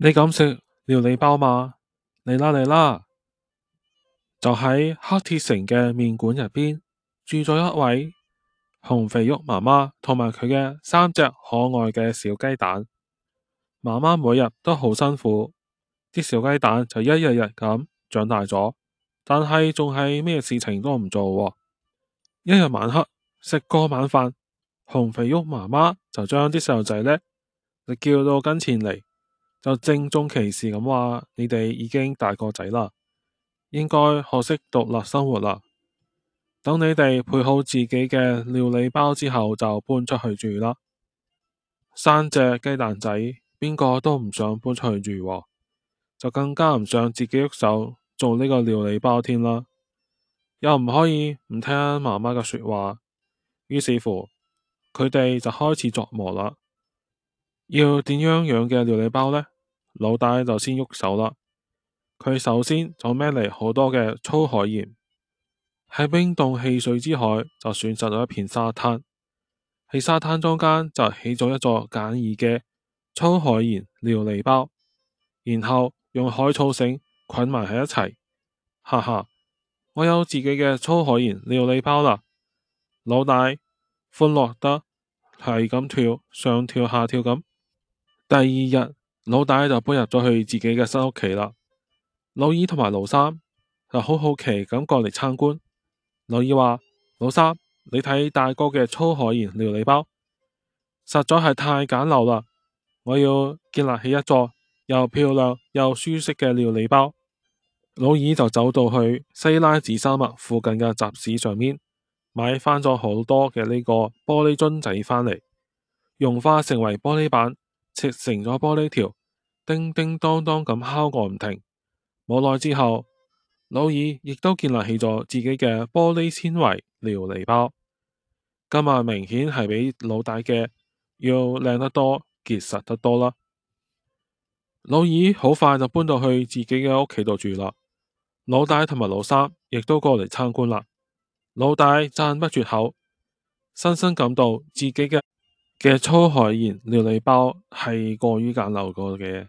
你敢食料理包嗎？嚟啦嚟啦，就喺黑鐵城嘅麵館入邊住咗一位紅肥玉媽媽，同埋佢嘅三隻可愛嘅小雞蛋。媽媽每日都好辛苦，啲小雞蛋就一日日咁長大咗，但係仲係咩事情都唔做。一日晚黑食過晚飯，紅肥玉媽媽就將啲細路仔呢，就叫到跟前嚟。就正中其事咁話，你哋已經大個仔啦，應該學識獨立生活啦。等你哋配好自己嘅料理包之後，就搬出去住啦。三隻雞蛋仔邊個都唔想搬出去住，就更加唔想自己喐手做呢個料理包添啦。又唔可以唔聽媽媽嘅說話，於是乎，佢哋就開始琢磨啦。要點樣養嘅料理包呢？老大就先喐手啦。佢首先就孭嚟好多嘅粗海鹽。喺冰凍汽水之海，就選擇咗一片沙灘。喺沙灘中間，就起咗一座簡易嘅粗海鹽料理包。然後用海草繩捆埋喺一齊。哈哈，我有自己嘅粗海鹽料理包啦！老大歡樂得係咁跳，上跳下跳咁。第二日，老大就搬入咗去自己嘅新屋企啦。老二同埋老三就好好奇咁過嚟參觀。老二話：老三，你睇大哥嘅粗海鹽料理包，實在係太簡陋啦！我要建立起一座又漂亮又舒適嘅料理包。老二就走到去西拉子沙漠附近嘅集市上面，買返咗好多嘅呢個玻璃樽仔返嚟，融化成為玻璃板。切成咗玻璃條，叮叮當當咁敲個唔停。冇耐之後，老二亦都建立起咗自己嘅玻璃纖維料理包。今日明顯係比老大嘅要靚得多，結實得多啦。老二好快就搬到去自己嘅屋企度住啦。老大同埋老三亦都過嚟參觀啦。老大讚不絕口，深深感到自己嘅。嘅粗海鹽料理包係過於簡陋過嘅，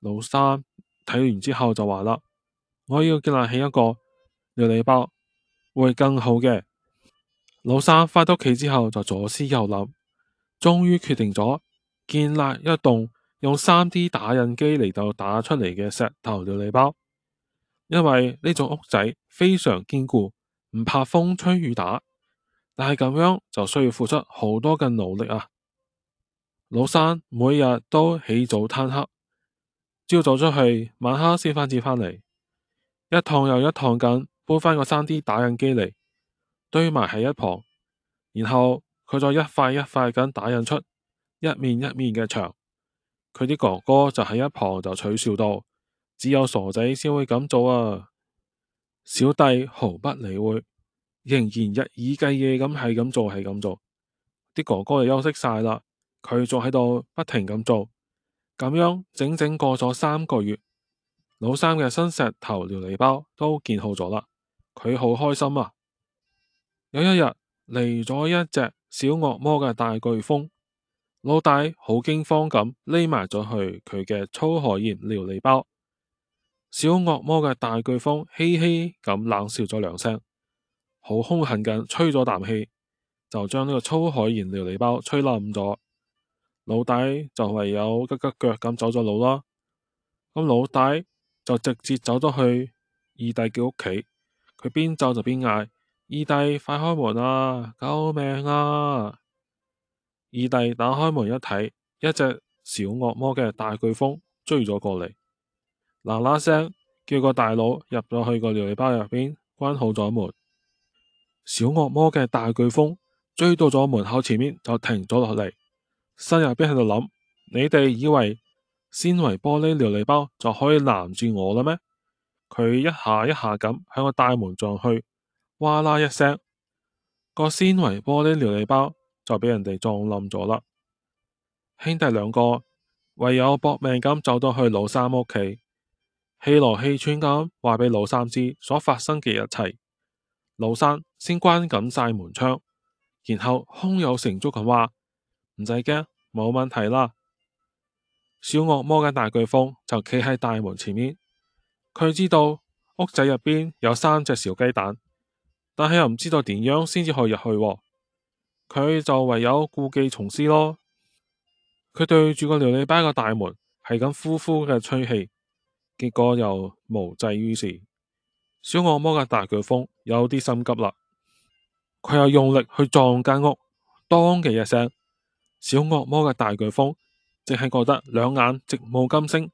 老三睇完之後就話啦，我要建立起一個料理包會更好嘅。老三返到屋企之後就左思右諗，終於決定咗建立一棟用 3D 打印機嚟到，打出嚟嘅石頭料理包，因為呢種屋仔非常堅固，唔怕風吹雨打。但係咁樣就需要付出好多嘅努力啊！老三每日都起早貪黑，朝早出去，晚黑先返至返嚟，一趟又一趟咁搬返個 3D 打印機嚟堆埋喺一旁，然後佢再一塊一塊咁打印出一面一面嘅牆。佢啲哥哥就喺一旁就取笑道：只有傻仔先會咁做啊！小弟毫不理會。仍然日以繼夜咁係咁做，係咁做。啲哥哥就休息晒喇，佢仲喺度不停咁做，咁樣整整過咗三個月，老三嘅新石頭料理包都建好咗喇。佢好開心啊！有一日嚟咗一隻小惡魔嘅大颶風，老大好驚慌咁匿埋咗去佢嘅粗海鹽料理包。小惡魔嘅大颶風嘻嘻咁冷笑咗兩聲。好兇狠咁，吹咗啖氣就將呢個粗海鹽料理包吹冧咗。老大就唯有急急腳咁走咗路啦。咁老大就直接走咗去二弟嘅屋企，佢邊走就邊嗌：二弟快開門啊！救命啊！二弟打開門一睇，一隻小惡魔嘅大颶風追咗過嚟，嗱嗱聲叫個大佬入咗去個料理包入邊，關好咗門。小惡魔嘅大颶風追到咗門口前面就停咗落嚟，心入邊喺度諗：你哋以為纖維玻璃料理包就可以攔住我啦咩？佢一下一下咁向個大門撞去，嘩啦一聲，個纖維玻璃料理包就俾人哋撞冧咗啦。兄弟兩個唯有搏命咁走到去老三屋企，氣羅氣喘咁話畀老三知所發生嘅一切。老三先關緊晒門窗，然後胸有成竹咁話：唔使驚，冇問題啦。小惡魔嘅大巨風就企喺大門前面，佢知道屋仔入邊有三隻小雞蛋，但係又唔知道點樣先至可以入去，佢就唯有故技重施咯。佢對住個料理包嘅大門，係咁呼呼嘅吹氣，結果又無濟於事。小惡魔嘅大颶風有啲心急啦，佢又用力去撞間屋，當嘅一聲，小惡魔嘅大颶風，淨係覺得兩眼直冒金星，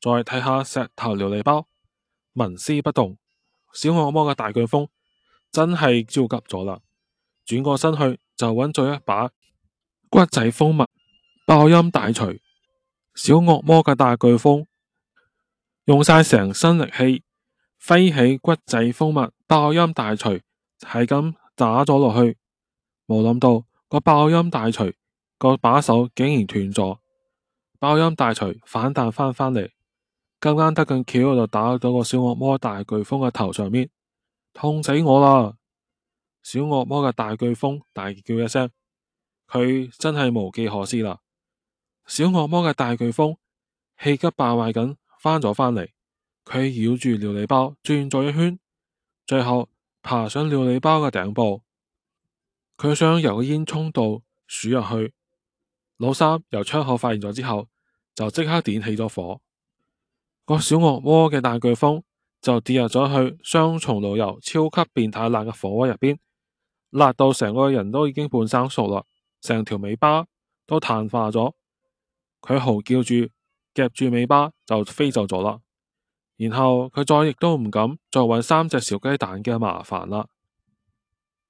再睇下石頭料理包，紋絲不動，小惡魔嘅大颶風真係焦急咗啦，轉過身去就揾咗一把骨仔蜂蜜，爆音大錘，小惡魔嘅大颶風用晒成身力氣。飛起骨仔蜂蜜爆音大錘，係咁打咗落去，冇諗到個爆音大錘個把手竟然斷咗，爆音大錘反彈返返嚟，咁啱得咁巧就打到個小惡魔大颶風嘅頭上面，痛死我啦！小惡魔嘅大颶風大叫一聲，佢真係無計可施啦！小惡魔嘅大颶風氣急敗壞咁返咗返嚟。回佢繞住料理包轉咗一圈，最後爬上料理包嘅頂部。佢想由個煙囪度數入去。老三由窗口發現咗之後，就即刻點起咗火。個小惡魔嘅大巨風就跌入咗去雙重爐油超級變態辣嘅火鍋入邊，辣到成個人都已經半生熟啦，成條尾巴都碳化咗。佢嚎叫，住，夾住尾巴就飛走咗啦。然後佢再亦都唔敢再搵三隻小雞蛋嘅麻煩啦。